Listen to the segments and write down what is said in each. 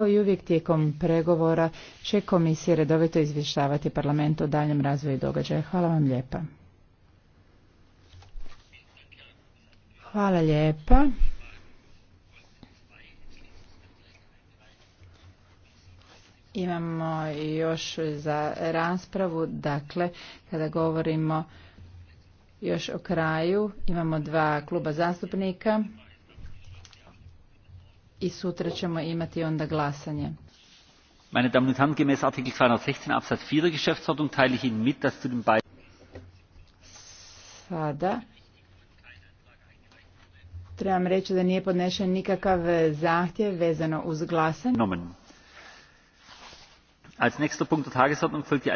i uvijek tijekom pregovora će komisije redovito izvještavati parlament o daljem razvoju događaja. Hvala vam lijepa. Hvala lijepa. Imamo još za raspravu, dakle, kada govorimo još o kraju, imamo dva kluba zastupnika i sutra ćemo imati onda glasanje. Meine Damen und Herren, gemäß Artikel 216 Absatz 4 der Geschäftsordnung teile ich Ihnen mit, dass zu den beiden Sada trebam reći da nije podnešen nikakav zahtjev vezano uz glasanje als nächster punkt der tagesordnung folgt die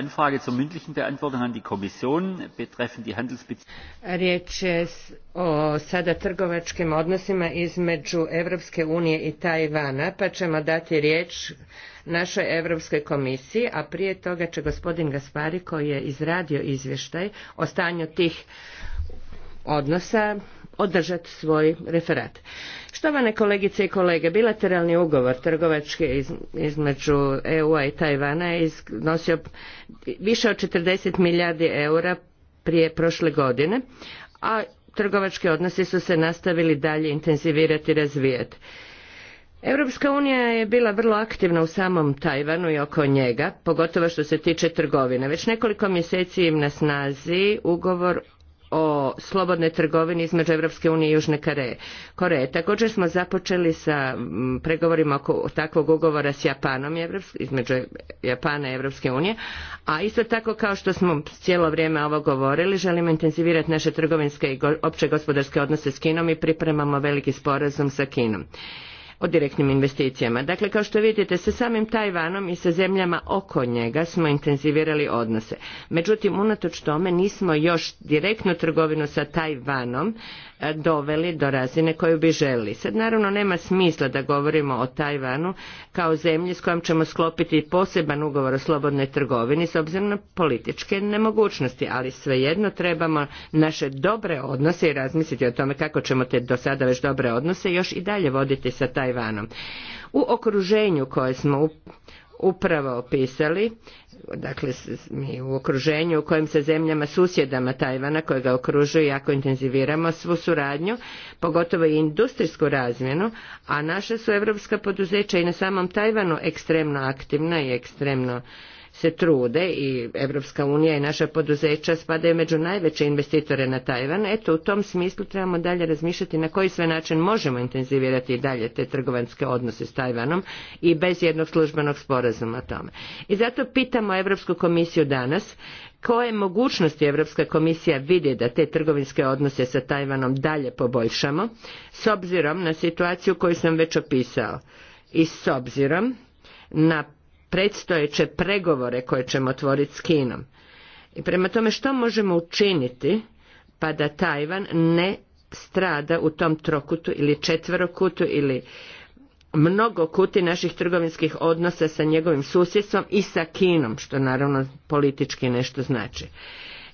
riječ je o sada trgovačkim odnosima između europske unije i tajvana pa ćemo dati riječ našoj europskoj komisiji a prije toga će gospodin gaspari koji je izradio izvještaj o stanju tih odnosa održati svoj referat. Štovane kolegice i kolege, bilateralni ugovor trgovački između EU-a i Tajvana je iznosio više od 40 milijardi eura prije prošle godine, a trgovački odnosi su se nastavili dalje intenzivirati i razvijati. Europska unija je bila vrlo aktivna u samom Tajvanu i oko njega, pogotovo što se tiče trgovine. Već nekoliko mjeseci im na snazi ugovor o slobodnoj trgovini između Europske unije i Južne Koreje. Također smo započeli sa pregovorima oko takvog ugovora s Japanom između Japana i Europske unije, a isto tako kao što smo cijelo vrijeme ovo govorili, želimo intenzivirati naše trgovinske i opće gospodarske odnose s Kinom i pripremamo veliki sporazum sa Kinom o direktnim investicijama. Dakle, kao što vidite, sa samim Tajvanom i sa zemljama oko njega smo intenzivirali odnose. Međutim, unatoč tome nismo još direktnu trgovinu sa Tajvanom doveli do razine koju bi želi. Sad naravno nema smisla da govorimo o Tajvanu kao zemlji s kojom ćemo sklopiti poseban ugovor o slobodnoj trgovini s obzirom na političke nemogućnosti, ali svejedno trebamo naše dobre odnose i razmisliti o tome kako ćemo te do sada već dobre odnose još i dalje voditi sa Tajvanom. U okruženju koje smo upravo opisali dakle mi u okruženju u kojem se zemljama susjedama Tajvana koje ga okružuju jako intenziviramo svu suradnju, pogotovo i industrijsku razmjenu, a naša su europska poduzeća i na samom Tajvanu ekstremno aktivna i ekstremno se trude i Evropska unija i naša poduzeća spadaju među najveće investitore na Tajvan. Eto, u tom smislu trebamo dalje razmišljati na koji sve način možemo intenzivirati i dalje te trgovanske odnose s Tajvanom i bez jednog službenog sporazuma o tome. I zato pitamo Evropsku komisiju danas koje mogućnosti Europska komisija vidi da te trgovinske odnose sa Tajvanom dalje poboljšamo s obzirom na situaciju koju sam već opisao i s obzirom na predstojeće pregovore koje ćemo otvoriti s Kinom. I prema tome što možemo učiniti pa da Tajvan ne strada u tom trokutu ili četverokutu ili mnogo kuti naših trgovinskih odnosa sa njegovim susjedstvom i sa Kinom, što naravno politički nešto znači.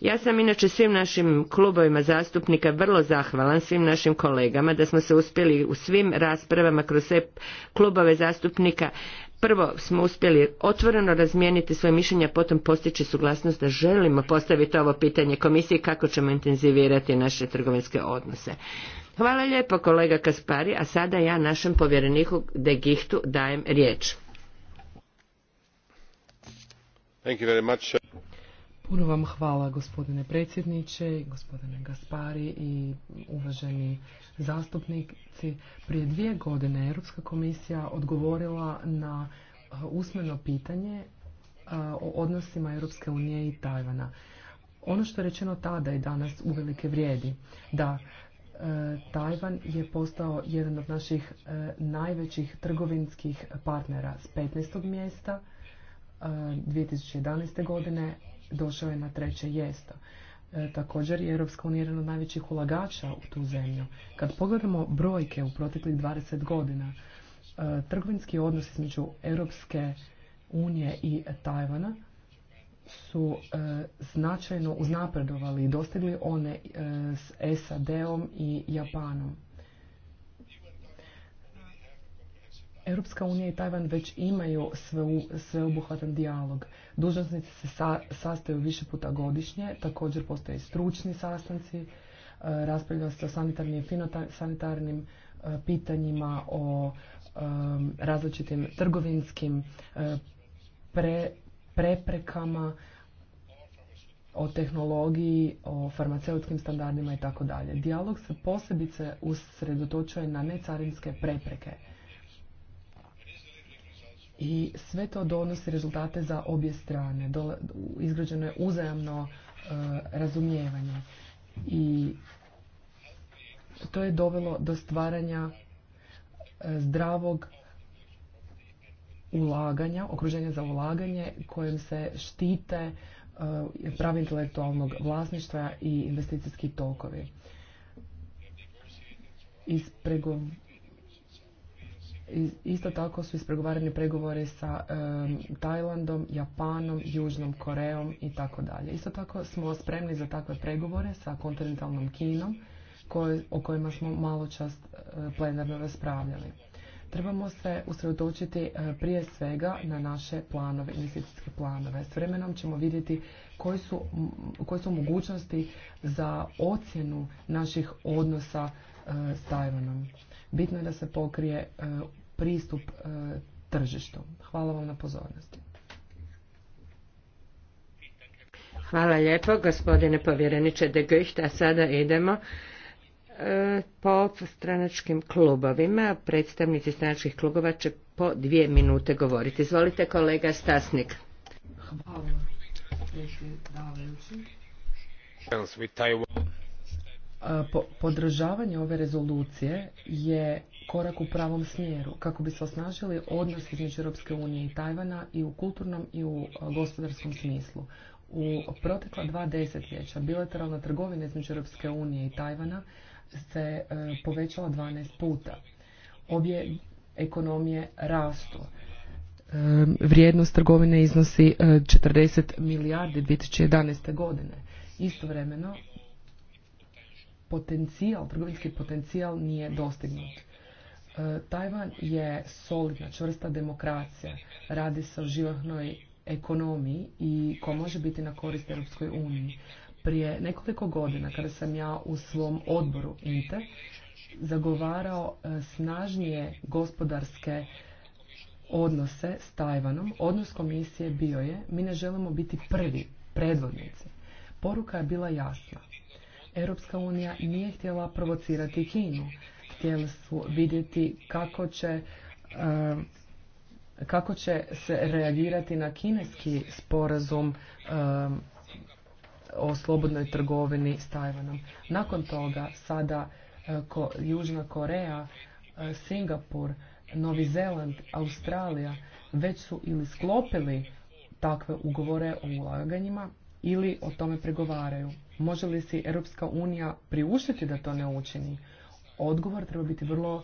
Ja sam inače svim našim klubovima zastupnika vrlo zahvalan svim našim kolegama da smo se uspjeli u svim raspravama kroz sve klubove zastupnika prvo smo uspjeli otvoreno razmijeniti svoje mišljenja, potom postići suglasnost da želimo postaviti ovo pitanje komisiji kako ćemo intenzivirati naše trgovinske odnose. Hvala lijepo kolega Kaspari, a sada ja našem povjereniku De Gihtu dajem riječ. Thank you Puno vam hvala gospodine predsjedniče, gospodine Gaspari i uvaženi zastupnici. Prije dvije godine Europska komisija odgovorila na uh, usmeno pitanje uh, o odnosima Europske unije i Tajvana. Ono što je rečeno tada i danas uvelike vrijedi, da uh, Tajvan je postao jedan od naših najvećih trgovinskih partnera s 15. mjesta 2011. godine došao je na treće jesto. E, također je Europska unija jedan od najvećih ulagača u tu zemlju. Kad pogledamo brojke u proteklih 20 godina, e, trgovinski odnos između Europske unije i Tajvana su e, značajno uznapredovali i dostigli one s SAD-om i Japanom. Europska unija i Tajvan već imaju sveobuhvatan dijalog. Dužnosnici se sastaju više puta godišnje, također postoje stručni sastanci, e, raspravlja se o sanitarnim i finosanitarnim e, pitanjima, o e, različitim trgovinskim e, preprekama, o tehnologiji, o farmaceutskim standardima i tako dalje. Dijalog se posebice usredotočuje na necarinske prepreke i sve to donosi rezultate za obje strane. izgrađeno je uzajamno e, razumijevanje i to je dovelo do stvaranja e, zdravog ulaganja, okruženja za ulaganje kojim se štite e, pravi intelektualnog vlasništva i investicijski tokovi. Isto tako su ispregovarani pregovori sa Tajlandom, Japanom, Južnom Korejom i tako dalje. Isto tako smo spremni za takve pregovore sa kontinentalnom Kinom o kojima smo malo čast e, plenarno raspravljali. Trebamo se usredotočiti e, prije svega na naše planove, investicijske planove. S vremenom ćemo vidjeti su, koje su mogućnosti za ocjenu naših odnosa e, s Tajvanom. Bitno je da se pokrije e, pristup e, tržištu. Hvala vam na pozornosti. Hvala lijepo gospodine povjereniče de Gucht, sada idemo e, po stranačkim klubovima. Predstavnici stranačkih klubova će po dvije minute govoriti. Izvolite kolega Stasnik. Hvala. E, podržavanje ove rezolucije je korak u pravom smjeru kako bi se osnažili odnos između Europske unije i Tajvana i u kulturnom i u e, gospodarskom smislu. U protekla dva desetljeća bilateralna trgovina između Europske unije i Tajvana se e, povećala 12 puta. Obje ekonomije rastu. Vrijednost trgovine iznosi 40 milijardi 2011. godine. Istovremeno, potencijal, trgovinski potencijal nije dostignut. E, Tajvan je solidna, čvrsta demokracija. Radi se o živahnoj ekonomiji i ko može biti na korist Europskoj uniji. Prije nekoliko godina, kada sam ja u svom odboru INTE zagovarao e, snažnije gospodarske odnose s Tajvanom, odnos komisije bio je mi ne želimo biti prvi, predvodnici. Poruka je bila jasna. Europska unija nije htjela provocirati Kinu. Htjeli su vidjeti kako će eh, kako će se reagirati na kineski sporazum eh, o slobodnoj trgovini s Tajvanom. Nakon toga sada eh, Južna Koreja, Singapur, Novi Zeland, Australija već su ili sklopili takve ugovore o ulaganjima ili o tome pregovaraju. Može li si Europska unija priuštiti da to ne učini? Odgovor treba biti vrlo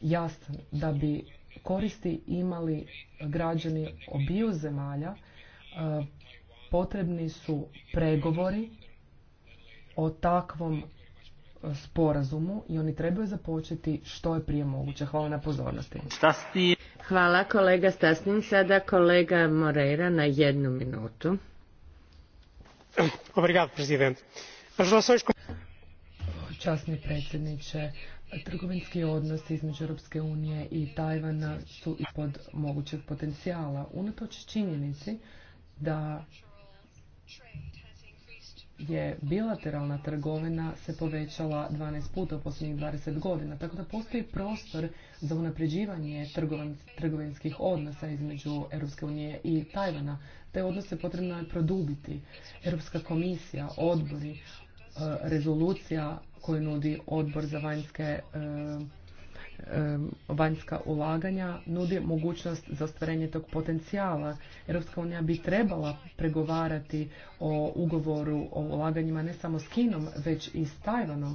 jasan da bi koristi imali građani obiju zemalja e, potrebni su pregovori o takvom e, sporazumu i oni trebaju započeti što je prije moguće. Hvala na pozornosti. Hvala kolega Stasnin. Sada kolega Moreira na jednu minutu. Časni predsjedniče, trgovinski odnos između Europske unije i Tajvana su ispod mogućeg potencijala. Unatoč činjenici da je bilateralna trgovina se povećala 12 puta u posljednjih 20 godina, tako da postoji prostor za unapređivanje trgovinskih odnosa između Europske unije i Tajvana. Te odnose potrebno je produbiti. Europska komisija, odbori, e, rezolucija koju nudi odbor za vanjske e, vanjska ulaganja nudi mogućnost za ostvarenje tog potencijala. Europska unija bi trebala pregovarati o ugovoru o ulaganjima ne samo s Kinom, već i s Tajvanom.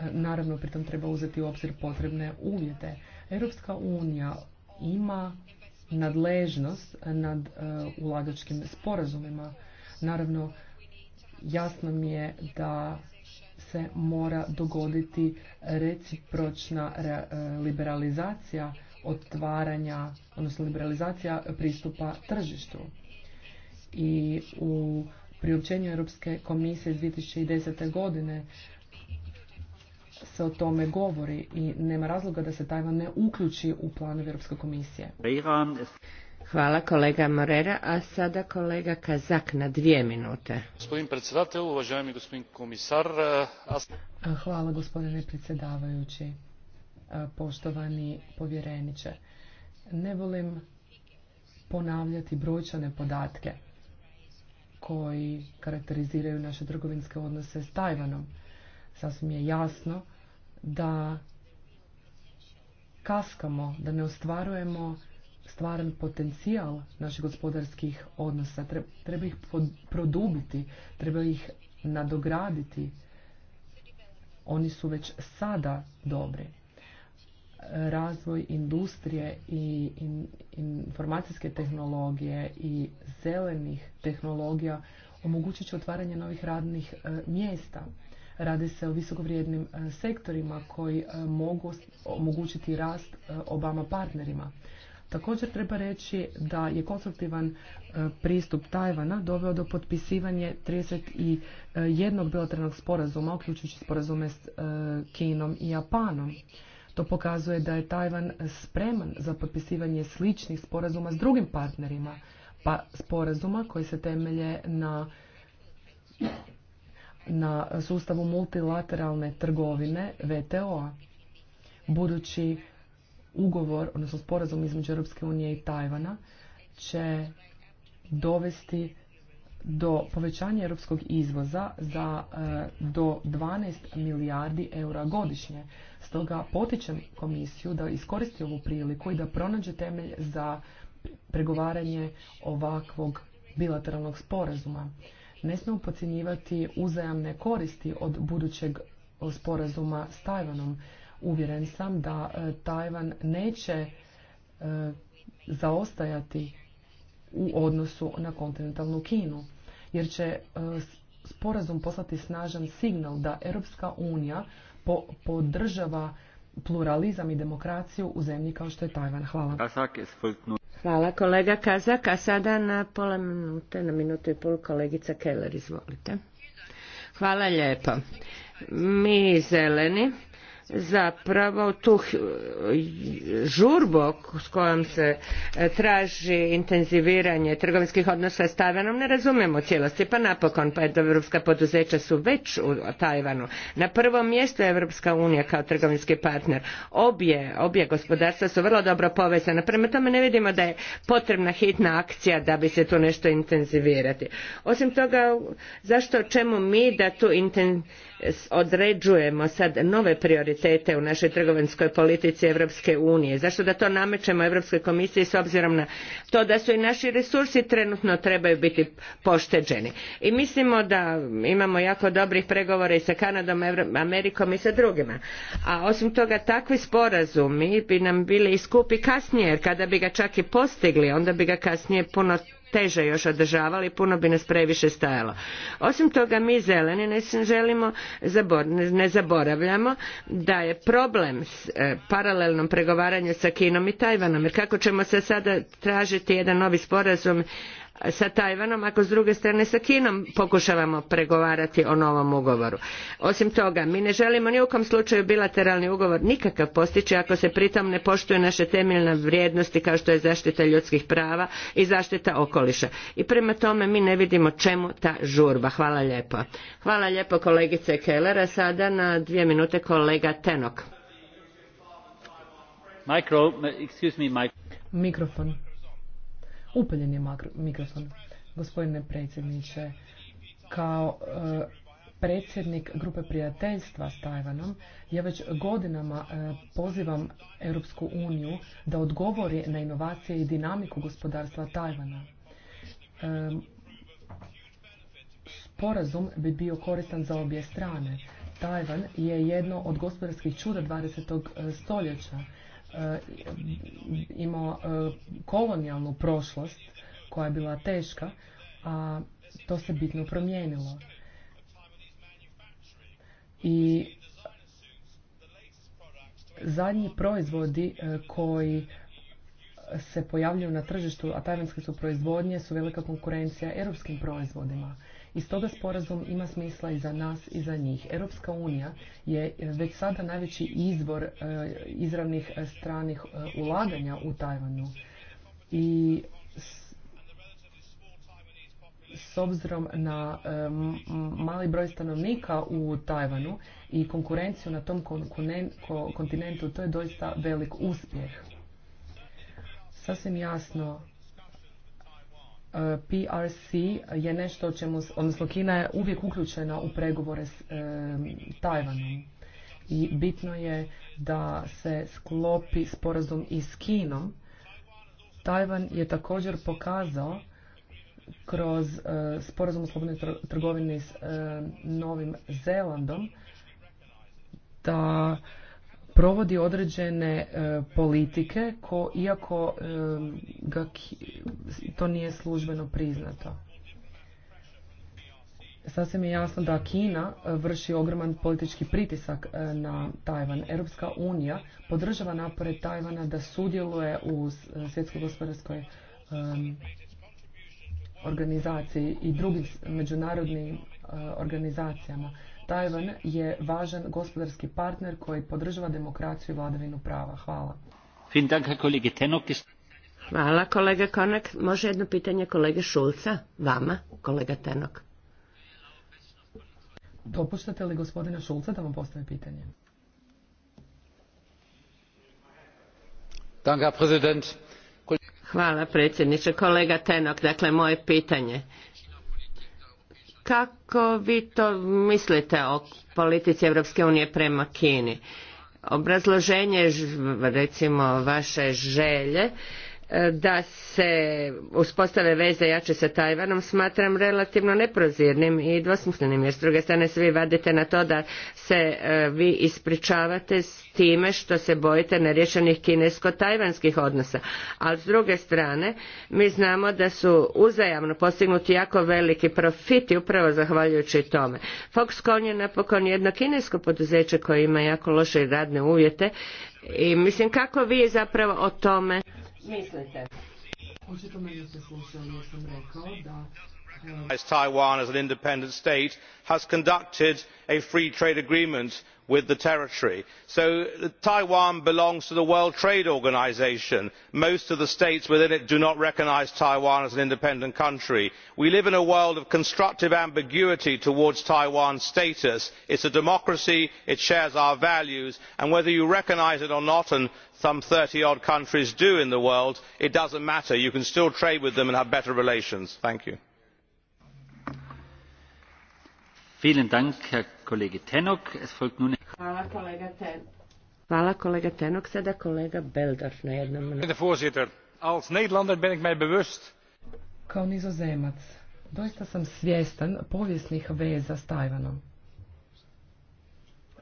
E, naravno, pritom treba uzeti u obzir potrebne uvjete. Europska unija ima nadležnost nad e, ulagačkim sporazumima. Naravno, jasno mi je da se mora dogoditi recipročna e, liberalizacija otvaranja, odnosno liberalizacija pristupa tržištu. I u priopćenju Europske komisije iz 2010. godine se o tome govori i nema razloga da se Tajvan ne uključi u plan Europske komisije. Hvala kolega Morera, a sada kolega Kazak na dvije minute. Gospodin uvaženi gospodin komisar. E, Hvala gospodine predsjedavajući, e, poštovani povjereniče. Ne volim ponavljati brojčane podatke koji karakteriziraju naše trgovinske odnose s Tajvanom. Sasvim je jasno da kaskamo, da ne ostvarujemo stvaran potencijal naših gospodarskih odnosa. Treba ih produbiti, treba ih nadograditi. Oni su već sada dobri. Razvoj industrije i informacijske tehnologije i zelenih tehnologija omogućit će otvaranje novih radnih e, mjesta. Radi se o visokovrijednim e, sektorima koji e, mogu omogućiti rast obama partnerima. Također treba reći da je konstruktivan e, pristup Tajvana doveo do potpisivanje 31 bilateralnog sporazuma, uključujući sporazume s e, Kinom i Japanom. To pokazuje da je Tajvan spreman za potpisivanje sličnih sporazuma s drugim partnerima, pa sporazuma koji se temelje na na sustavu multilateralne trgovine VTO-a. Budući ugovor, odnosno sporazum između Europske unije i Tajvana će dovesti do povećanja europskog izvoza za e, do 12 milijardi eura godišnje. Stoga potičem komisiju da iskoristi ovu priliku i da pronađe temelj za pregovaranje ovakvog bilateralnog sporazuma. Ne smijemo podcjenjivati uzajamne koristi od budućeg sporazuma s Tajvanom Uvjeren sam da e, Tajvan neće e, zaostajati u odnosu na kontinentalnu Kinu, jer će e, sporazum poslati snažan signal da Europska unija podržava pluralizam i demokraciju u zemlji kao što je Tajvan. Hvala. Hvala kolega Kazak, a sada na pola minute, na minutu i pol kolegica Keller, izvolite. Hvala lijepo. Mi zeleni zapravo tu žurbu s kojom se e, traži intenziviranje trgovinskih odnosa s Tajvanom ne razumemo u cijelosti. Pa napokon, pa evropska poduzeća su već u Tajvanu. Na prvom mjestu je Evropska unija kao trgovinski partner. Obje, gospodarstva su vrlo dobro povezana. Prema tome ne vidimo da je potrebna hitna akcija da bi se tu nešto intenzivirati. Osim toga, zašto čemu mi da tu intenziviramo? određujemo sad nove prioritete u našoj trgovinskoj politici Europske unije, zašto da to namećemo Europskoj komisiji s obzirom na to da su i naši resursi trenutno trebaju biti pošteđeni. I mislimo da imamo jako dobrih pregovora i sa Kanadom, Amerikom i sa drugima. A osim toga takvi sporazumi bi nam bili i skupi kasnije, jer kada bi ga čak i postigli, onda bi ga kasnije puno teže još održavali puno bi nas previše stajalo. Osim toga mi zeleni ne želimo, ne zaboravljamo da je problem s e, paralelnom pregovaranju sa Kinom i Tajvanom jer kako ćemo se sada tražiti jedan novi sporazum sa Tajvanom ako s druge strane sa Kinom pokušavamo pregovarati o novom ugovoru. Osim toga, mi ne želimo ni u kom slučaju bilateralni ugovor nikakav postići ako se pritom ne poštuju naše temeljne vrijednosti kao što je zaštita ljudskih prava i zaštita okoliša. I prema tome mi ne vidimo čemu ta žurba. Hvala lijepo. Hvala lijepo kolegice Kellera. Sada na dvije minute kolega Tenok. Mikrofon. Upaljen je mikrofon. Gospodine predsjedniče, kao e, predsjednik grupe prijateljstva s Tajvanom, ja već godinama e, pozivam Europsku uniju da odgovori na inovacije i dinamiku gospodarstva Tajvana. E, sporazum bi bio koristan za obje strane. Tajvan je jedno od gospodarskih čuda 20. stoljeća E, imao e, kolonijalnu prošlost koja je bila teška, a to se bitno promijenilo. I zadnji proizvodi e, koji se pojavljuju na tržištu, a tajvanske su proizvodnje, su velika konkurencija europskim proizvodima. I stoga sporazum ima smisla i za nas i za njih. Europska unija je e, već sada najveći izvor e, izravnih e, stranih ulaganja u Tajvanu. I s obzirom na mali broj stanovnika u Tajvanu i konkurenciju na tom kontinentu, to je doista velik uspjeh. Sasvim jasno PRC je nešto o čemu, odnosno Kina je uvijek uključena u pregovore s Tajvanom i bitno je da se sklopi sporazum i s Kinom. Tajvan je također pokazao kroz e, sporazum o slobodnoj trgovini s Novim Zelandom da provodi određene e, politike ko iako e, ga to nije službeno priznato sasvim je jasno da Kina e, vrši ogroman politički pritisak na Tajvan. Europska unija podržava napore Tajvana da sudjeluje u svjetskoj gospodarskoj organizaciji i drugim međunarodnim organizacijama. Tajvan je važan gospodarski partner koji podržava demokraciju i vladavinu prava. Hvala. Hvala kolega Konek. Može jedno pitanje kolege Šulca, vama, kolega Tenok. Dopuštate li gospodina Šulca da vam postavi pitanje? Hvala predsjedniče. Kolega Tenok, dakle moje pitanje kako vi to mislite o politici Europske unije prema Kini? Obrazloženje recimo vaše želje da se uspostave veze jače sa Tajvanom smatram relativno neprozirnim i dvosmislenim jer s druge strane se vi vadite na to da se e, vi ispričavate s time što se bojite neriješenih kinesko-tajvanskih odnosa. Ali s druge strane mi znamo da su uzajamno postignuti jako veliki profiti upravo zahvaljujući tome. Foxconn je napokon jedno kinesko poduzeće koje ima jako loše radne uvjete i mislim kako vi zapravo o tome mislite? Očito me niste slušali da taiwan as an independent state has conducted a free trade agreement with the territory. so uh, taiwan belongs to the world trade organisation. most of the states within it do not recognise taiwan as an independent country. we live in a world of constructive ambiguity towards taiwan's status. it is a democracy it shares our values and whether you recognise it or not and some thirty odd countries do in the world it does not matter you can still trade with them and have better relations. thank you. Hvala kolega Hvala kolega Tenok, sada kolega Beldorf na jednom Voorzitter, als Nederlander ben ik mij bewust. Kao nizozemac, doista sam svjestan povijesnih veza s Tajvanom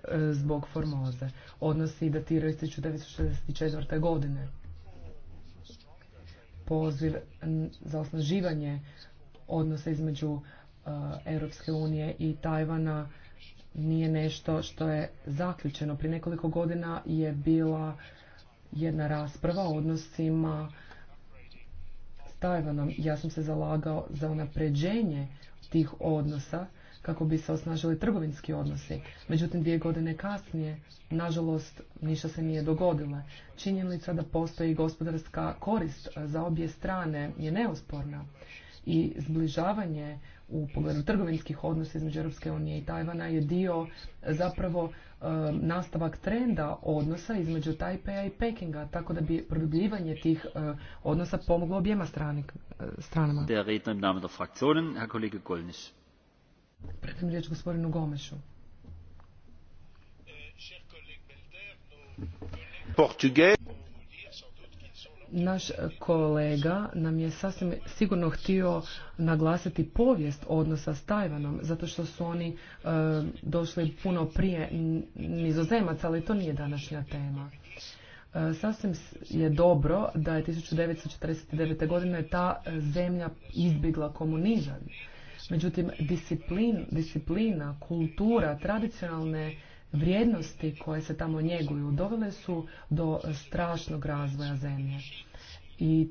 e, zbog Formoze. Odnosi datiraju iz 1964. godine. Poziv za osnaživanje odnosa između Eh, Europske unije i Tajvana nije nešto što je zaključeno. Prije nekoliko godina je bila jedna rasprava o odnosima s Tajvanom. Ja sam se zalagao za unapređenje tih odnosa kako bi se osnažili trgovinski odnosi. Međutim, dvije godine kasnije, nažalost, ništa se nije dogodilo. Činjenica da postoji gospodarska korist za obje strane je neosporna i zbližavanje u pogledu trgovinskih odnosa između Europske unije i Tajvana je dio e, zapravo e, nastavak trenda odnosa između Tajpeja i Pekinga, tako da bi produbljivanje tih e, odnosa pomoglo objema stranama. Der Redner im Namen der Fraktionen, Herr Kollege Golnisch. riječ gospodinu Gomešu. Portugais naš kolega nam je sasvim sigurno htio naglasiti povijest odnosa s Tajvanom, zato što su oni e, došli puno prije nizozemaca, ali to nije današnja tema. E, sasvim je dobro da je 1949. godine ta e, zemlja izbjegla komunizam. Međutim, disciplin, disciplina, kultura, tradicionalne vrijednosti koje se tamo njeguju dovele su do strašnog razvoja zemlje. I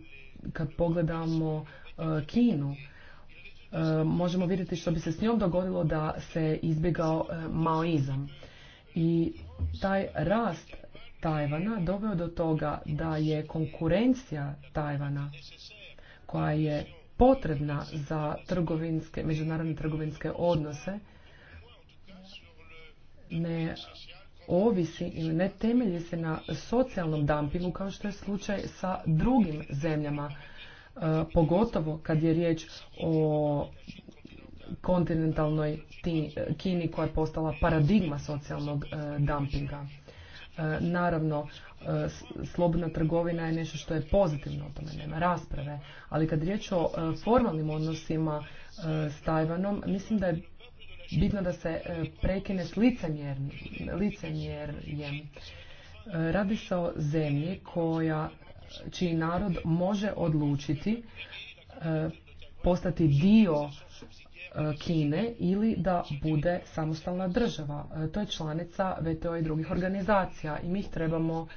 kad pogledamo e, Kinu, e, možemo vidjeti što bi se s njom dogodilo da se izbjegao e, maoizam. I taj rast Tajvana doveo do toga da je konkurencija Tajvana koja je potrebna za trgovinske, međunarodne trgovinske odnose ne ovisi ili ne temelji se na socijalnom dumpingu kao što je slučaj sa drugim zemljama, e, pogotovo kad je riječ o kontinentalnoj Kini koja je postala paradigma socijalnog e, dumpinga. E, naravno, slobodna trgovina je nešto što je pozitivno, o tome nema rasprave, ali kad je riječ o formalnim odnosima s Tajvanom, mislim da je bitno da se e, prekine s licemjerjem. E, radi se o zemlji koja, čiji narod može odlučiti e, postati dio Kine ili da bude samostalna država. To je članica VTO i drugih organizacija i mi ih trebamo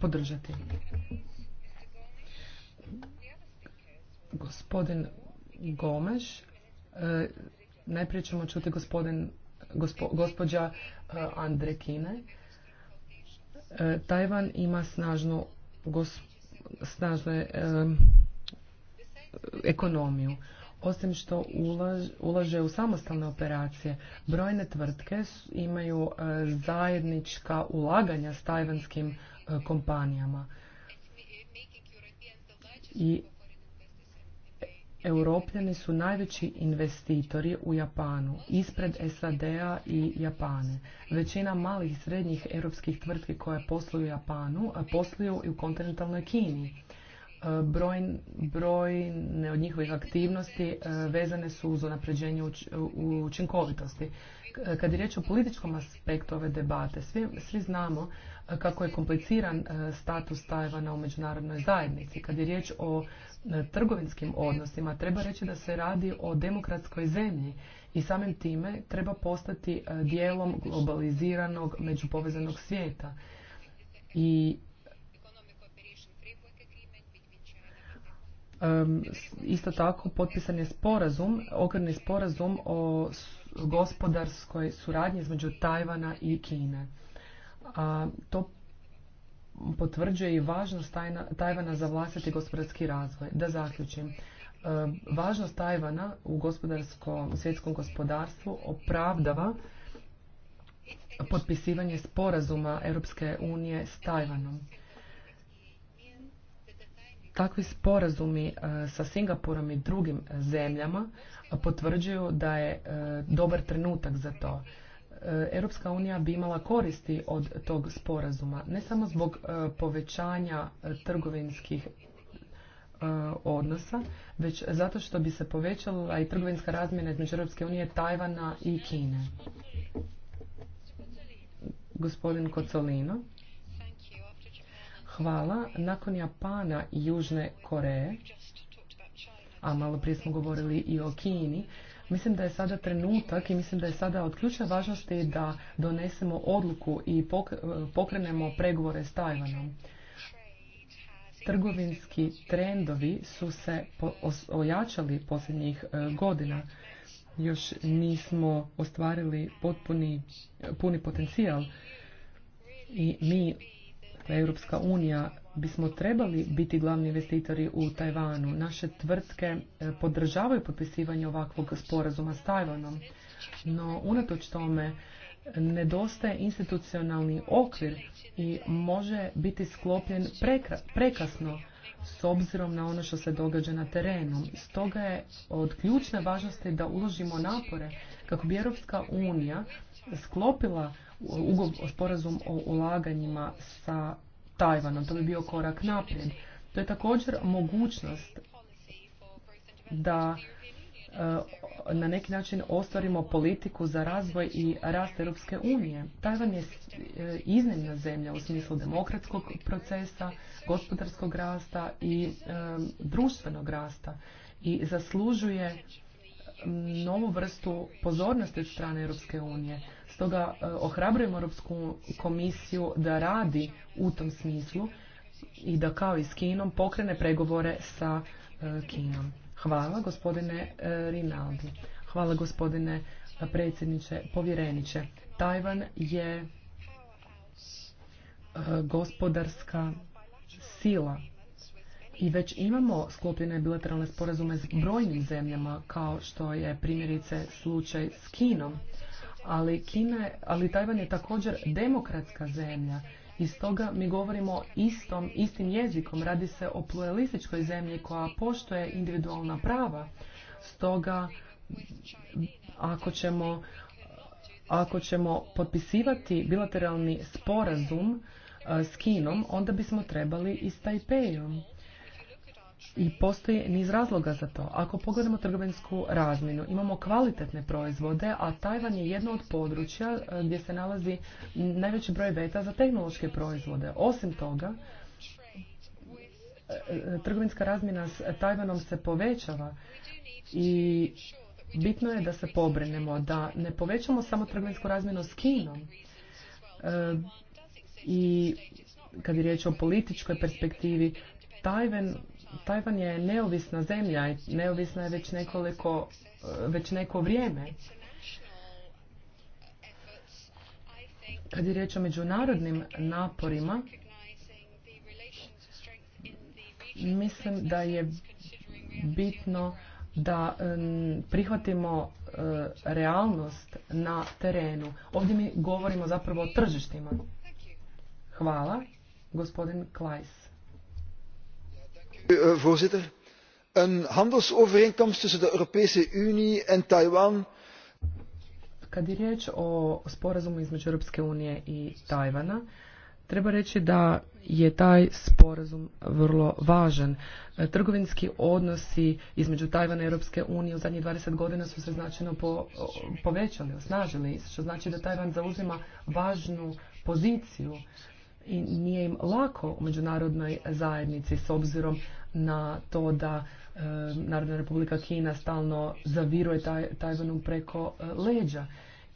podržati. Gospodin Gomeš najprije ćemo čuti gospodin, gospođa e, Andre Kine. E, Tajvan ima snažnu snažne ekonomiju. Osim što ulaže u samostalne operacije, brojne tvrtke imaju e, zajednička ulaganja s tajvanskim kompanijama. I Europljani su najveći investitori u Japanu, ispred SAD-a i Japane. Većina malih i srednjih europskih tvrtki koje posluju u Japanu, posluju i u kontinentalnoj Kini. E, brojne broj od njihovih aktivnosti e, vezane su uz unapređenje učinkovitosti. Kad je riječ o političkom aspektu ove debate, svi, svi znamo e, kako je kompliciran status Tajvana u međunarodnoj zajednici. Kad je riječ o E, trgovinskim odnosima, treba reći da se radi o demokratskoj zemlji i samim time treba postati e, dijelom globaliziranog međupovezanog svijeta. I Um, isto tako potpisan je sporazum, okvirni sporazum o gospodarskoj suradnji između Tajvana i Kine. A to potvrđuje i važnost Tajvana za vlastiti gospodarski razvoj. Da zaključim, e, važnost Tajvana u gospodarskom, svjetskom gospodarstvu opravdava potpisivanje sporazuma Europske unije s Tajvanom. Takvi sporazumi e, sa Singapurom i drugim e, zemljama potvrđuju da je dobar trenutak za to. E, Europska unija bi imala koristi od tog sporazuma, ne samo zbog e, povećanja e, trgovinskih odnosa, već zato što bi se povećala i trgovinska razmjena između Europske unije, Tajvana i Kine. Gospodin Kocolino. Hvala. Nakon Japana i Južne Koreje, a malo prije smo govorili i o Kini, Mislim da je sada trenutak i mislim da je sada od ključne važnosti da donesemo odluku i pokrenemo pregovore s Tajvanom. Trgovinski trendovi su se ojačali posljednjih e, godina. Još nismo ostvarili potpuni, puni potencijal i mi Europska unija bismo trebali biti glavni investitori u Tajvanu. Naše tvrtke e, podržavaju potpisivanje ovakvog sporazuma s Tajvanom, no unatoč tome nedostaje institucionalni okvir i može biti sklopljen prekasno s obzirom na ono što se događa na terenu. Stoga je od ključne važnosti da uložimo napore kako bi Europska unija sklopila sporazum o ulaganjima sa Tajvanom. To bi bio korak naprijed. To je također mogućnost da e, na neki način ostvarimo politiku za razvoj i rast Europske unije. Tajvan je e, iznimna zemlja u smislu demokratskog procesa, gospodarskog rasta i e, društvenog rasta i zaslužuje novu vrstu pozornosti od strane Europske unije. Stoga e, ohrabrujemo Europsku komisiju da radi u tom smislu i da kao i s Kinom pokrene pregovore sa e, Kinom. Hvala gospodine e, Rinaldi. Hvala gospodine predsjedniče, povjereniče. Tajvan je gospodarska sila i već imamo sklopljene bilateralne sporazume s brojnim zemljama kao što je primjerice slučaj s Kinom. Ali, Kina, ali Tajvan je također demokratska zemlja i stoga mi govorimo istom, istim jezikom. Radi se o pluralističkoj zemlji koja poštuje individualna prava. Stoga ako ćemo, ako ćemo potpisivati bilateralni sporazum eh, s Kinom, onda bismo trebali i s Tajpejom i postoji niz razloga za to. Ako pogledamo trgovinsku razmjenu, imamo kvalitetne proizvode, a Tajvan je jedno od područja e, gdje se nalazi najveći broj veta za tehnološke proizvode. Osim toga, e, e, trgovinska razmjena s Tajvanom se povećava i bitno je da se pobrinemo, da ne povećamo samo trgovinsku razmjenu s Kinom. I kad je riječ o političkoj perspektivi, Tajven Tajvan je neovisna zemlja i neovisna je već nekoliko, već neko vrijeme. Kad je riječ o međunarodnim naporima, mislim da je bitno da prihvatimo e, realnost na terenu. Ovdje mi govorimo zapravo o tržištima. Hvala. Gospodin Klajs. Eh, eh, voorzitter een handelsovereenkomst tussen de europese unie en kad je riječ o sporazumu između Europske unije i Tajvana, treba reći da je taj sporazum vrlo važan. E, trgovinski odnosi između Tajvana i Europske unije u zadnjih 20 godina su se značajno povećali, osnažili, što znači da Tajvan zauzima važnu poziciju i nije im lako u međunarodnoj zajednici s obzirom na to da e, Narodna republika Kina stalno zaviruje taj, Tajvanu preko e, leđa.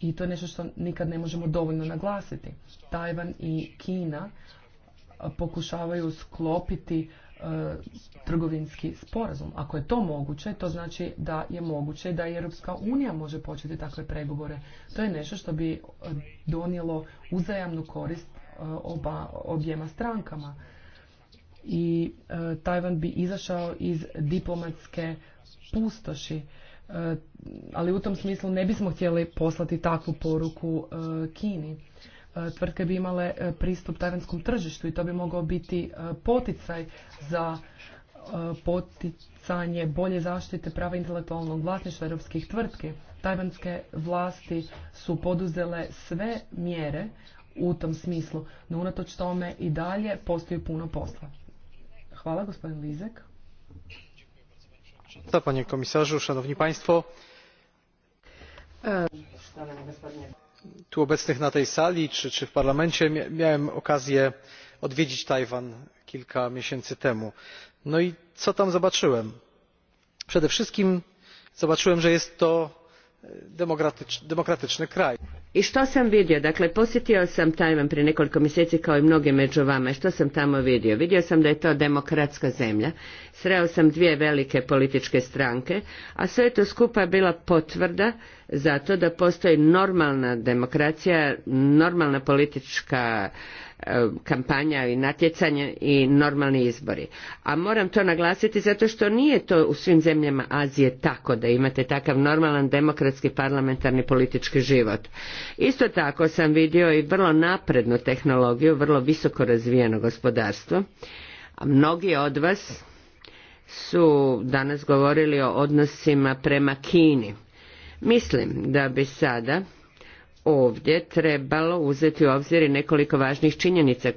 I to je nešto što nikad ne možemo dovoljno naglasiti. Tajvan i Kina e, pokušavaju sklopiti trgovinski sporazum. Ako je to moguće, to znači da je moguće da i Europska unija može početi takve pregovore. To je nešto što bi donijelo uzajamnu korist E, oba, objema strankama. I e, Tajvan bi izašao iz diplomatske pustoši. E, ali u tom smislu ne bismo htjeli poslati takvu poruku Kini. Tvrtke bi imale pristup tajvanskom tržištu i to bi mogao biti poticaj za poticanje bolje zaštite prava intelektualnog vlasništva europskih tvrtki. Tajvanske vlasti su poduzele sve mjere u tom smislu. No unatoč tome i dalje postoji puno posla. Hvala, gospodin Lizek. Panie komisarzu, szanowni państwo, tu obecnych na tej sali czy, czy w parlamencie miałem okazję odwiedzić tajwan kilka miesięcy temu. no i co tam zobaczyłem? przede wszystkim zobaczyłem że jest to demokratični kraj. I što sam vidio? Dakle, posjetio sam Tajvan prije nekoliko mjeseci kao i mnogi među vama. Što sam tamo vidio? Vidio sam da je to demokratska zemlja. Sreo sam dvije velike političke stranke, a sve to skupa bila potvrda zato da postoji normalna demokracija, normalna politička E, kampanja i natjecanje i normalni izbori. A moram to naglasiti zato što nije to u svim zemljama Azije tako da imate takav normalan demokratski parlamentarni politički život. Isto tako sam vidio i vrlo naprednu tehnologiju, vrlo visoko razvijeno gospodarstvo. A mnogi od vas su danas govorili o odnosima prema Kini. Mislim da bi sada ovdje trebalo uzeti u obzir i nekoliko važnih činjenica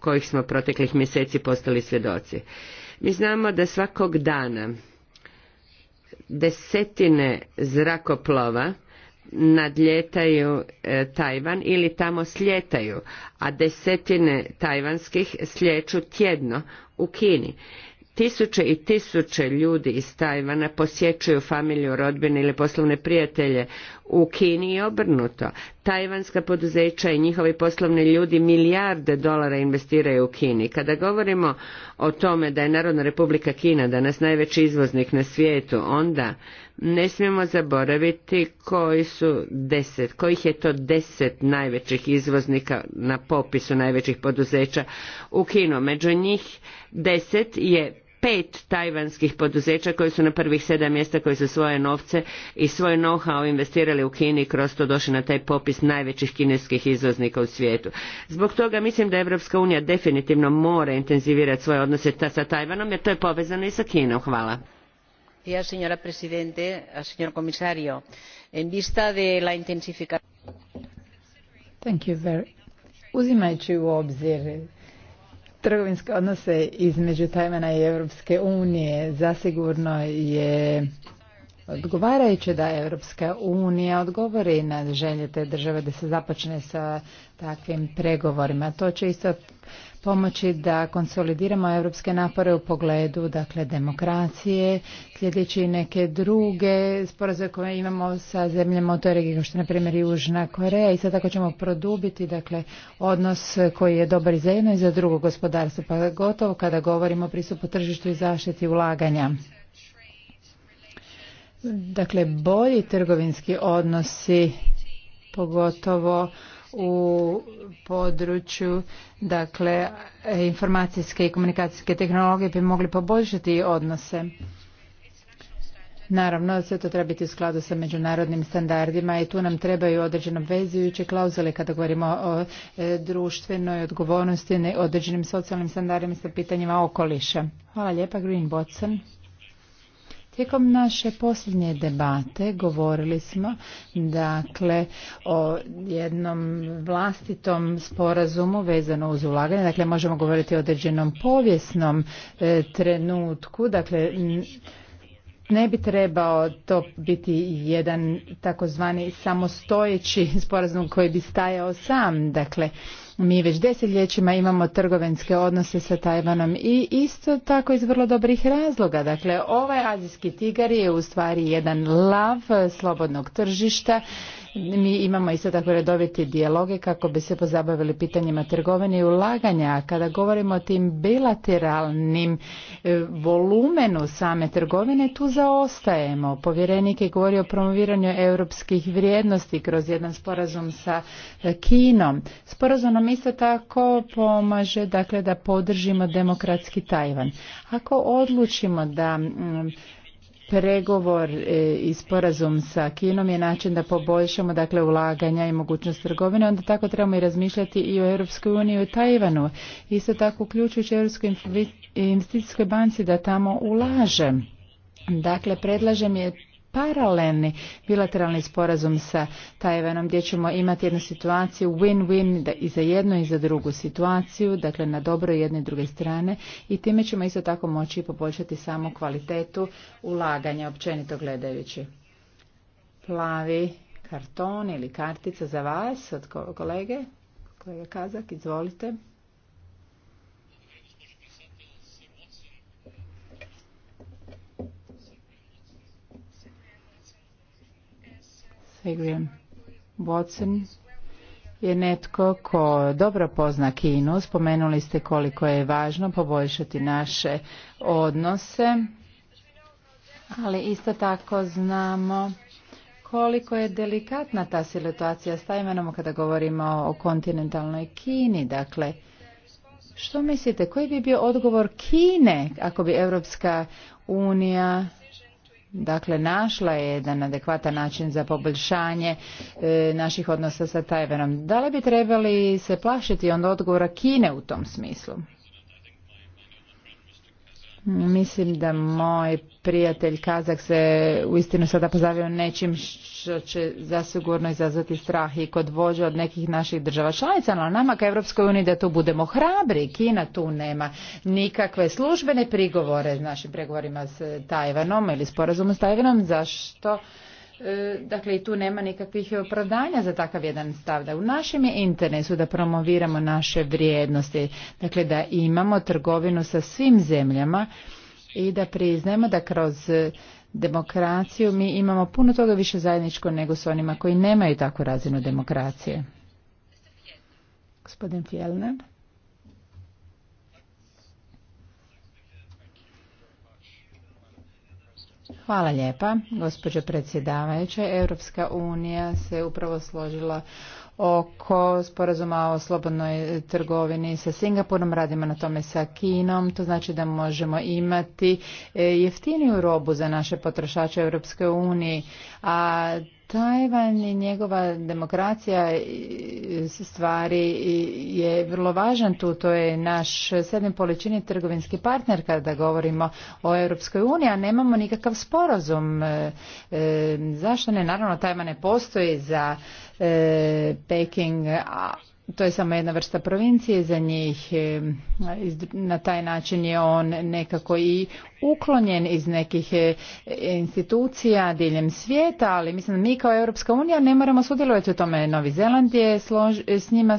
kojih smo proteklih mjeseci postali svjedoci. Mi znamo da svakog dana desetine zrakoplova nadljetaju e, Tajvan ili tamo sljetaju, a desetine tajvanskih sljeću tjedno u Kini. Tisuće i tisuće ljudi iz Tajvana posjećuju familiju, rodbine ili poslovne prijatelje u Kini je obrnuto. Tajvanska poduzeća i njihovi poslovni ljudi milijarde dolara investiraju u Kini. Kada govorimo o tome da je Narodna republika Kina danas najveći izvoznik na svijetu, onda ne smijemo zaboraviti koji su deset, kojih je to deset najvećih izvoznika na popisu najvećih poduzeća u Kinu. Među njih deset je pet tajvanskih poduzeća koji su na prvih sedam mjesta koji su svoje novce i svoj know-how investirali u Kini i kroz to došli na taj popis najvećih kineskih izvoznika u svijetu. Zbog toga mislim da Europska unija definitivno mora intenzivirati svoje odnose sa Tajvanom jer to je povezano i sa Kinom. Hvala. Ja, senjora presidente, Uzimajući u obzir trgovinske odnose između Tajmana i Europske unije zasigurno je odgovarajuće da Europska unija odgovori na želje te države da se započne sa takvim pregovorima. To će isto pomoći da konsolidiramo europske napore u pogledu dakle demokracije, sljedeći neke druge sporaze koje imamo sa zemljama u toj regiji kao što je na primjer Južna Koreja i sad tako ćemo produbiti dakle odnos koji je dobar i za jedno i za drugo gospodarstvo, pa gotovo kada govorimo o pristupu tržištu i zaštiti ulaganja. Dakle, bolji trgovinski odnosi, pogotovo u području dakle, informacijske i komunikacijske tehnologije bi mogli poboljšati odnose. Naravno, sve to treba biti u skladu sa međunarodnim standardima i tu nam trebaju određene vezujuće klauzule kada govorimo o e, društvenoj odgovornosti, određenim socijalnim standardima sa pitanjima okoliša. Hvala lijepa, Green Watson. Tijekom naše posljednje debate govorili smo dakle o jednom vlastitom sporazumu vezano uz ulaganje, dakle možemo govoriti o određenom povijesnom e, trenutku, dakle ne bi trebao to biti jedan takozvani samostojeći sporazum koji bi stajao sam, dakle mi već desetljećima imamo trgovinske odnose sa Tajvanom i isto tako iz vrlo dobrih razloga. Dakle, ovaj azijski tigar je u stvari jedan lav slobodnog tržišta mi imamo isto tako redoviti dijaloge kako bi se pozabavili pitanjima trgovine i ulaganja. A kada govorimo o tim bilateralnim e, volumenu same trgovine, tu zaostajemo. Povjerenik je govorio o promoviranju europskih vrijednosti kroz jedan sporazum sa e, Kinom. Sporazum isto tako pomaže dakle, da podržimo demokratski Tajvan. Ako odlučimo da mm, pregovor e, i sporazum sa Kinom je način da poboljšamo dakle ulaganja i mogućnost trgovine, onda tako trebamo i razmišljati i o Europskoj uniji i o Tajvanu. Isto tako uključujući Europskoj investicijskoj banci da tamo ulaže. Dakle, predlažem je paralelni bilateralni sporazum sa Tajvanom gdje ćemo imati jednu situaciju win-win i za jednu i za drugu situaciju, dakle na dobro jedne i druge strane i time ćemo isto tako moći poboljšati samo kvalitetu ulaganja općenito gledajući. Plavi karton ili kartica za vas od kolege. Kolega Kazak, izvolite. Adrian Watson je netko ko dobro pozna Kinu. Spomenuli ste koliko je važno poboljšati naše odnose, ali isto tako znamo koliko je delikatna ta situacija s Tajvanom kada govorimo o kontinentalnoj Kini. Dakle, što mislite, koji bi bio odgovor Kine ako bi Europska unija Dakle, našla je jedan adekvatan način za poboljšanje e, naših odnosa sa Tajvanom. Da li bi trebali se plašiti onda odgovora Kine u tom smislu? Mislim da moj prijatelj Kazak se uistinu sada pozavio nečim što će zasigurno izazvati strah i kod vođa od nekih naših država članica, ali nama ka EU da tu budemo hrabri. Kina tu nema nikakve službene prigovore s našim pregovorima s Tajvanom ili sporazumom s Tajvanom. Zašto? E, dakle, i tu nema nikakvih opravdanja za takav jedan stav. Da u našem je interesu da promoviramo naše vrijednosti, dakle da imamo trgovinu sa svim zemljama i da priznajemo da kroz e, demokraciju mi imamo puno toga više zajedničko nego s onima koji nemaju takvu razinu demokracije. Gospodin Fjellner. Hvala lijepa, gospođo predsjedavajuća. Europska unija se upravo složila oko sporazuma o slobodnoj trgovini sa Singapurom, radimo na tome sa Kinom, to znači da možemo imati e, jeftiniju robu za naše potrošače Europske unije, a Tajvan i njegova demokracija stvari je vrlo važan tu, to je naš sedmi poličini trgovinski partner kada govorimo o Europskoj uniji, a nemamo nikakav sporazum. E, e zašto ne? Naravno, Tajvan ne postoji za e, Peking, a to je samo jedna vrsta provincije za njih. E, na taj način je on nekako i uklonjen iz nekih e, institucija diljem svijeta, ali mislim da mi kao Europska unija ne moramo sudjelovati u tome. Novi Zeland je slož, e, s njima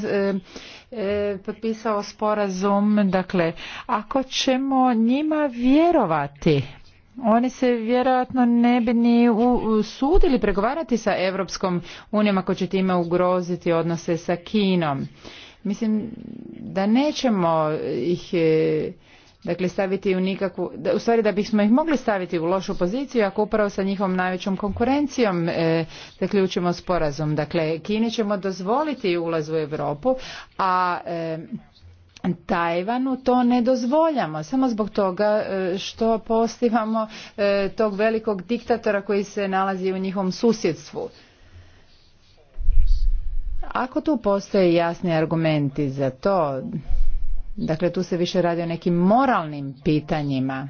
e, potpisao sporazum. Dakle, ako ćemo njima vjerovati, oni se vjerojatno ne bi ni usudili pregovarati sa Europskom unijom ako će time ugroziti odnose sa Kinom. Mislim da nećemo ih e, dakle staviti u nikakvu, da, u stvari da bismo ih mogli staviti u lošu poziciju ako upravo sa njihovom najvećom konkurencijom e, zaključimo sporazum. Dakle, Kini ćemo dozvoliti ulaz u Europu, a e, Tajvanu to ne dozvoljamo samo zbog toga e, što postivamo e, tog velikog diktatora koji se nalazi u njihovom susjedstvu. Ako tu postoje jasni argumenti za to, dakle tu se više radi o nekim moralnim pitanjima,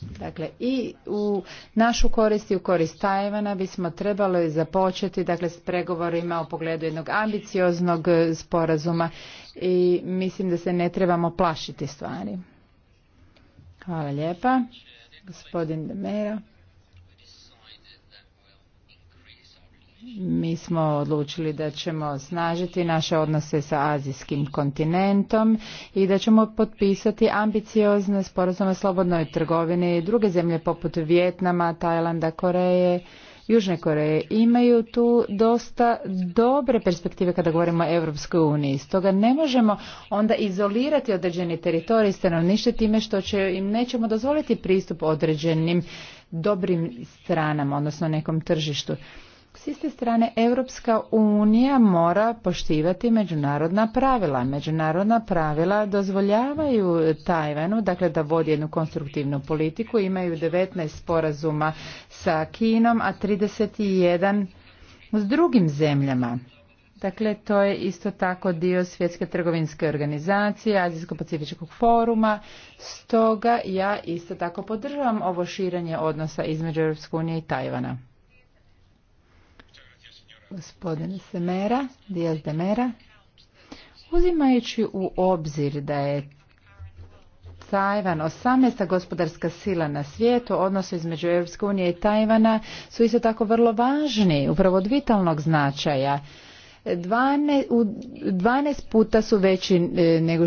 Dakle, i u našu korist i u korist Tajvana bismo trebali započeti dakle, s pregovorima u pogledu jednog ambicioznog e, sporazuma i mislim da se ne trebamo plašiti stvari. Hvala lijepa. Gospodin Demera. mi smo odlučili da ćemo snažiti naše odnose sa azijskim kontinentom i da ćemo potpisati ambiciozne sporazume slobodnoj trgovini i druge zemlje poput Vjetnama, Tajlanda, Koreje, Južne Koreje imaju tu dosta dobre perspektive kada govorimo o Europskoj uniji. Stoga ne možemo onda izolirati određeni teritorij stanovništva time što će im nećemo dozvoliti pristup određenim dobrim stranama, odnosno nekom tržištu. S iste strane, Europska unija mora poštivati međunarodna pravila. Međunarodna pravila dozvoljavaju Tajvanu dakle, da vodi jednu konstruktivnu politiku. Imaju 19 sporazuma sa Kinom, a 31 s drugim zemljama. Dakle, to je isto tako dio Svjetske trgovinske organizacije, Azijsko-Pacifičkog foruma. Stoga ja isto tako podržavam ovo širenje odnosa između Europske unije i Tajvana. Gospodin Semera, Mera, uzimajući u obzir da je Tajvan 18. gospodarska sila na svijetu, odnosi između Europske unije i Tajvana su isto tako vrlo važni, upravo od vitalnog značaja dvanaest puta su veći e, nego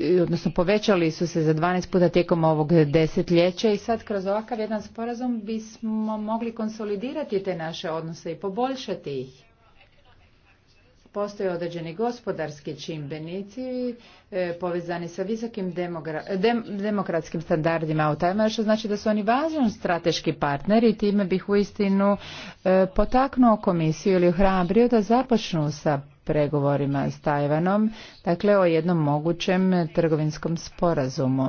e, odnosno povećali su se za dvanaest puta tijekom ovog desetljeća i sad kroz ovakav jedan sporazum bismo mogli konsolidirati te naše odnose i poboljšati ih postoje određeni gospodarski čimbenici e, povezani sa visokim demokratskim standardima u tajma, što znači da su oni važan strateški partner i time bih uistinu e, potaknuo komisiju ili hrabrio da započnu sa pregovorima s Tajvanom, dakle o jednom mogućem trgovinskom sporazumu.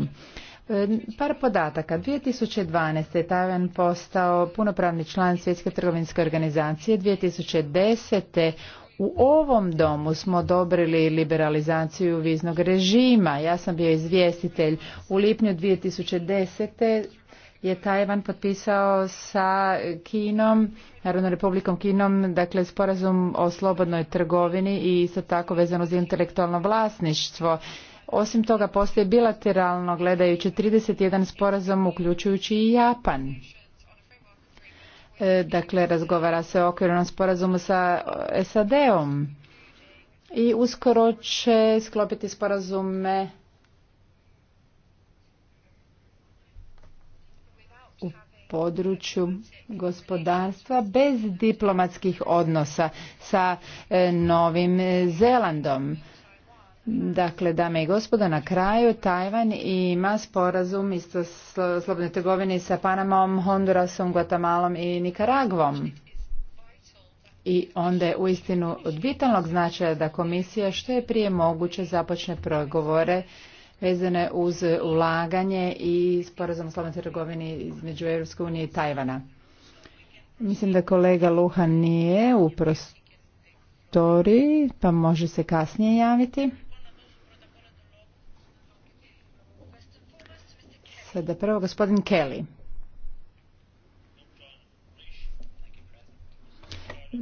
E, par podataka. 2012. je Tajvan postao punopravni član Svjetske trgovinske organizacije. 2010 u ovom domu smo odobrili liberalizaciju viznog režima. Ja sam bio izvjestitelj u lipnju 2010. je Tajvan potpisao sa Kinom, Narodnom republikom Kinom, dakle sporazum o slobodnoj trgovini i isto tako vezano za intelektualno vlasništvo. Osim toga postoji bilateralno gledajući 31 sporazum uključujući i Japan. E, dakle, razgovara se o okvirnom sporazumu sa e, SAD-om i uskoro će sklopiti sporazume u području gospodarstva bez diplomatskih odnosa sa e, Novim Zelandom. Dakle, dame i gospodo, na kraju Tajvan ima sporazum isto slobodne trgovine sa Panamom, Hondurasom, Guatemalom i Nikaragvom. I onda je uistinu od vitalnog značaja da komisija što je prije moguće započne progovore vezane uz ulaganje i sporazum o slobodnoj trgovini između Europske unije i Tajvana. Mislim da kolega Luhan nije u prostoriji, pa može se kasnije javiti. Dakle, da prvo gospodin Kelly.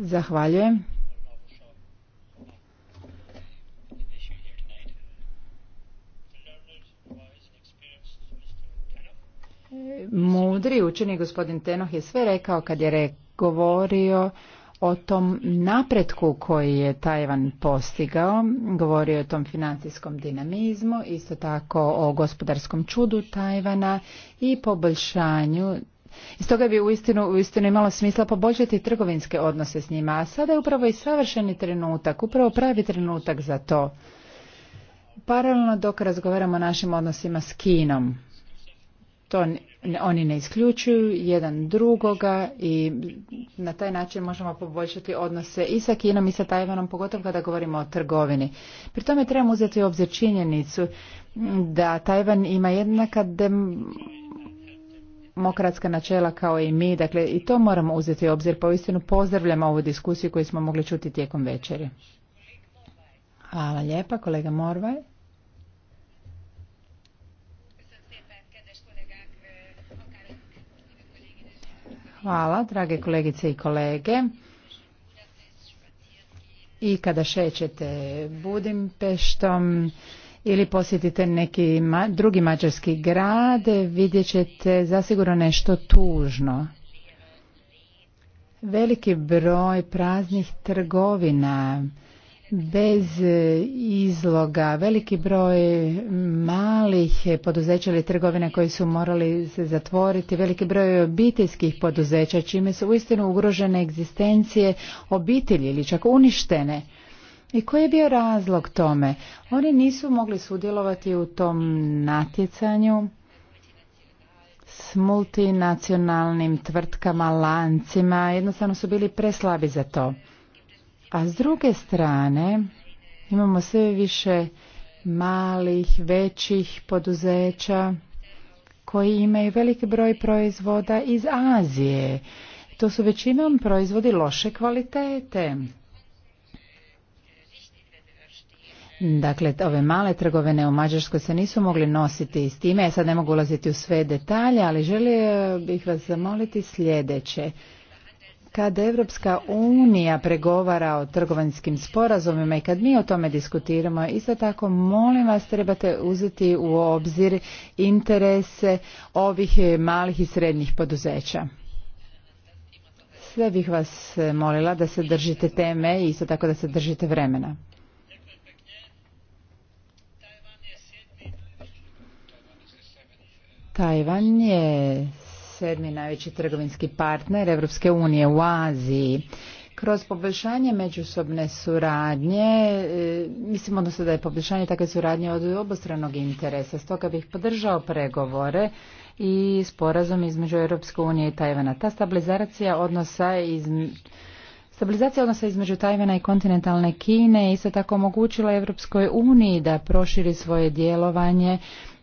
Zahvaljujem. Mudri učenik gospodin Tenoh je sve rekao kad je govorio o tom napretku koji je Tajvan postigao, govorio o tom financijskom dinamizmu, isto tako o gospodarskom čudu Tajvana i poboljšanju iz toga bi uistinu, uistinu imalo smisla poboljšati trgovinske odnose s njima, a sada je upravo i savršeni trenutak, upravo pravi trenutak za to. Paralelno dok razgovaramo o našim odnosima s Kinom, to oni ne isključuju jedan drugoga i na taj način možemo poboljšati odnose i sa Kinom i sa Tajvanom, pogotovo kada govorimo o trgovini. Pri tome trebamo uzeti u obzir činjenicu da Tajvan ima jednaka demokratska načela kao i mi, dakle i to moramo uzeti u obzir. Pa uistinu pozdravljam ovu diskusiju koju smo mogli čuti tijekom večeri. Hvala lijepa, kolega Morvaj. Hvala, drage kolegice i kolege. I kada šećete Budimpeštom ili posjetite neki drugi mađarski grad, vidjet ćete zasigurno nešto tužno. Veliki broj praznih trgovina, bez e, izloga veliki broj malih poduzeća ili trgovina koji su morali se zatvoriti, veliki broj obiteljskih poduzeća čime su uistinu ugrožene egzistencije obitelji ili čak uništene. I koji je bio razlog tome? Oni nisu mogli sudjelovati u tom natjecanju s multinacionalnim tvrtkama, lancima, jednostavno su bili preslabi za to. A s druge strane imamo sve više malih, većih poduzeća koji imaju veliki broj proizvoda iz Azije. To su većinom proizvodi loše kvalitete. Dakle, ove male trgovine u Mađarskoj se nisu mogli nositi s time. Ja sad ne mogu ulaziti u sve detalje, ali želio bih vas zamoliti sljedeće. Kad Evropska unija pregovara o trgovinskim sporazumima i kad mi o tome diskutiramo, isto tako molim vas trebate uzeti u obzir interese ovih malih i srednjih poduzeća. Sve bih vas molila da se držite teme i isto tako da se držite vremena. Tajvan je sedmi najveći trgovinski partner Europske unije u Aziji. Kroz poboljšanje međusobne suradnje, e, mislim odnosno da je poboljšanje takve suradnje od obostranog interesa, stoga bih podržao pregovore i sporazum između Europske unije i Tajvana. Ta stabilizacija odnosa iz Stabilizacija odnosa između Tajvana i kontinentalne Kine isto tako omogućila Europskoj uniji da proširi svoje djelovanje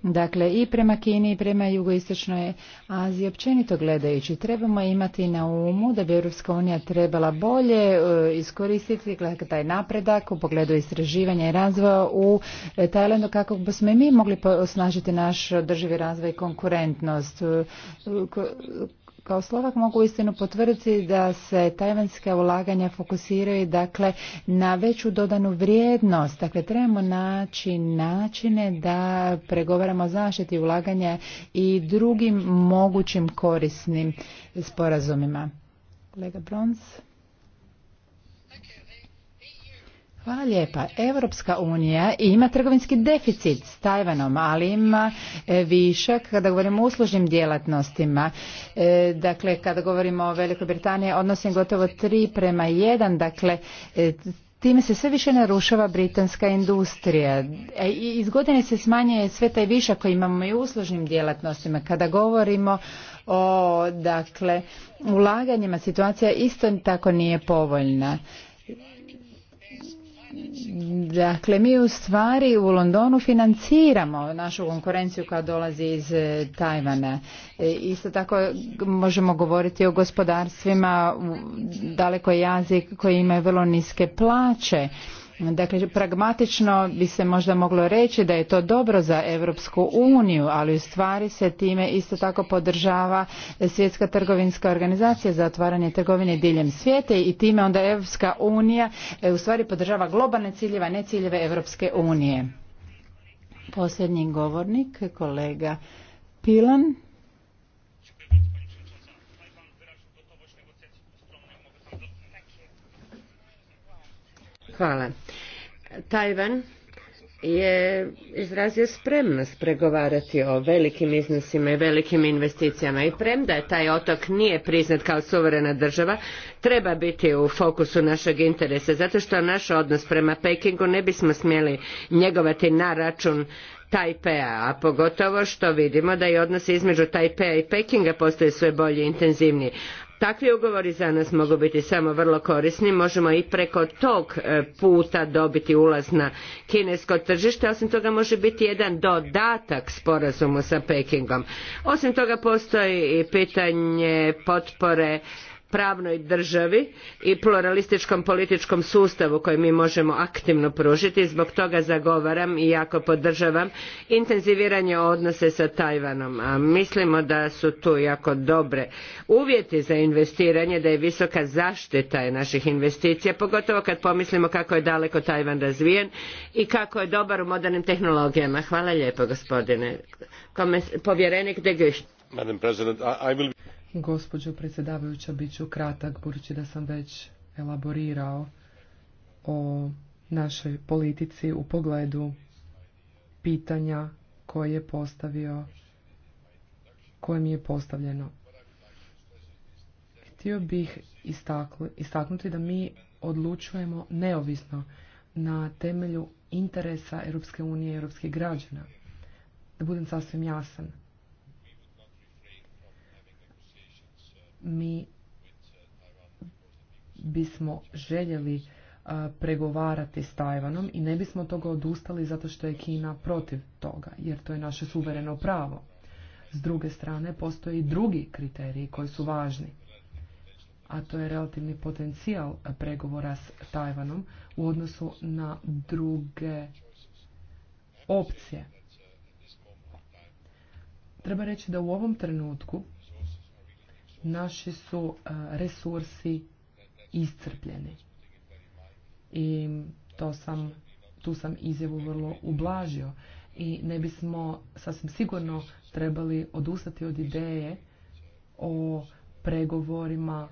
Dakle, i prema Kini i prema jugoistočnoj Aziji općenito gledajući trebamo imati na umu da bi Europska unija trebala bolje e, iskoristiti taj napredak u pogledu istraživanja i razvoja u e, Tajlandu kako bismo i mi mogli osnažiti naš održivi razvoj i konkurentnost e, kao Slovak mogu istinu potvrditi da se tajvanska ulaganja fokusiraju dakle na veću dodanu vrijednost. Dakle, trebamo naći načine da pregovaramo zaštiti ulaganja i drugim mogućim korisnim sporazumima. Kolega Brons. Hvala lijepa. Europska unija ima trgovinski deficit s Tajvanom, ali ima e, višak kada govorimo o uslužnim djelatnostima. E, dakle, kada govorimo o Velikoj Britaniji, odnosim gotovo tri prema 1, dakle, e, Time se sve više narušava britanska industrija. iz godine se smanjuje sve taj višak koji imamo i u uslužnim djelatnostima. Kada govorimo o dakle, ulaganjima, situacija isto tako nije povoljna Dakle, mi u stvari u Londonu financiramo našu konkurenciju koja dolazi iz e, Tajvana. E, isto tako možemo govoriti o gospodarstvima u dalekoj jazik koji imaju vrlo niske plaće Dakle, pragmatično bi se možda moglo reći da je to dobro za Europsku uniju, ali u stvari se time isto tako podržava svjetska trgovinska organizacija za otvaranje trgovine diljem svijeta i time onda Europska unija e, u stvari podržava globalne ciljeve, a ne ciljeve Europske unije. Posljednji govornik, kolega Pilan. Hvala. Tajvan je izrazio spremnost pregovarati o velikim iznosima i velikim investicijama i premda je taj otok nije priznat kao suverena država treba biti u fokusu našeg interesa zato što naš odnos prema Pekingu ne bismo smjeli njegovati na račun Tajpea, a pogotovo što vidimo da i odnos između Tajpea i Pekinga postaju sve bolji i intenzivniji. Takvi ugovori za nas mogu biti samo vrlo korisni, možemo i preko tog e, puta dobiti ulaz na kinesko tržište, osim toga može biti jedan dodatak sporazumu sa Pekingom. Osim toga postoji i pitanje potpore pravnoj državi i pluralističkom političkom sustavu koji mi možemo aktivno pružiti. Zbog toga zagovaram i jako podržavam intenziviranje odnose sa Tajvanom. A mislimo da su tu jako dobre uvjeti za investiranje, da je visoka zaštita naših investicija, pogotovo kad pomislimo kako je daleko Tajvan razvijen i kako je dobar u modernim tehnologijama. Hvala lijepo gospodine. Povjerenik I will... Gospođo predsjedavajuća, bit ću kratak, budući da sam već elaborirao o našoj politici u pogledu pitanja koje je postavio, koje mi je postavljeno. Htio bih istaknuti da mi odlučujemo neovisno na temelju interesa Europske unije i europskih građana. Da budem sasvim jasan. mi bismo željeli pregovarati s Tajvanom i ne bismo toga odustali zato što je Kina protiv toga, jer to je naše suvereno pravo. S druge strane, postoje i drugi kriteriji koji su važni, a to je relativni potencijal pregovora s Tajvanom u odnosu na druge opcije. Treba reći da u ovom trenutku naši su e, resursi iscrpljeni. I to sam, tu sam izjavu vrlo ublažio i ne bismo sasvim sigurno trebali odustati od ideje o pregovorima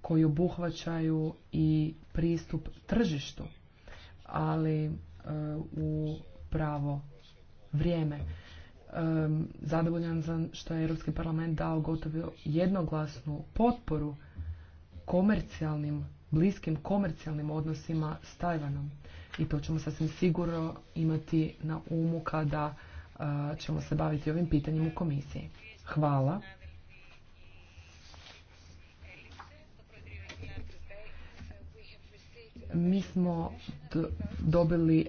koji obuhvaćaju i pristup tržištu, ali e, u pravo vrijeme zadovoljan za što je Europski parlament dao gotovo jednoglasnu potporu komercijalnim, bliskim komercijalnim odnosima s Tajvanom. I to ćemo sasvim sigurno imati na umu kada eh, ćemo se baviti ovim pitanjem u komisiji. Hvala. mi smo dobili e,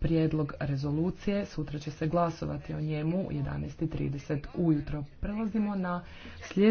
prijedlog rezolucije, sutra će se glasovati o njemu u 11.30 ujutro. Prelazimo na sljedeći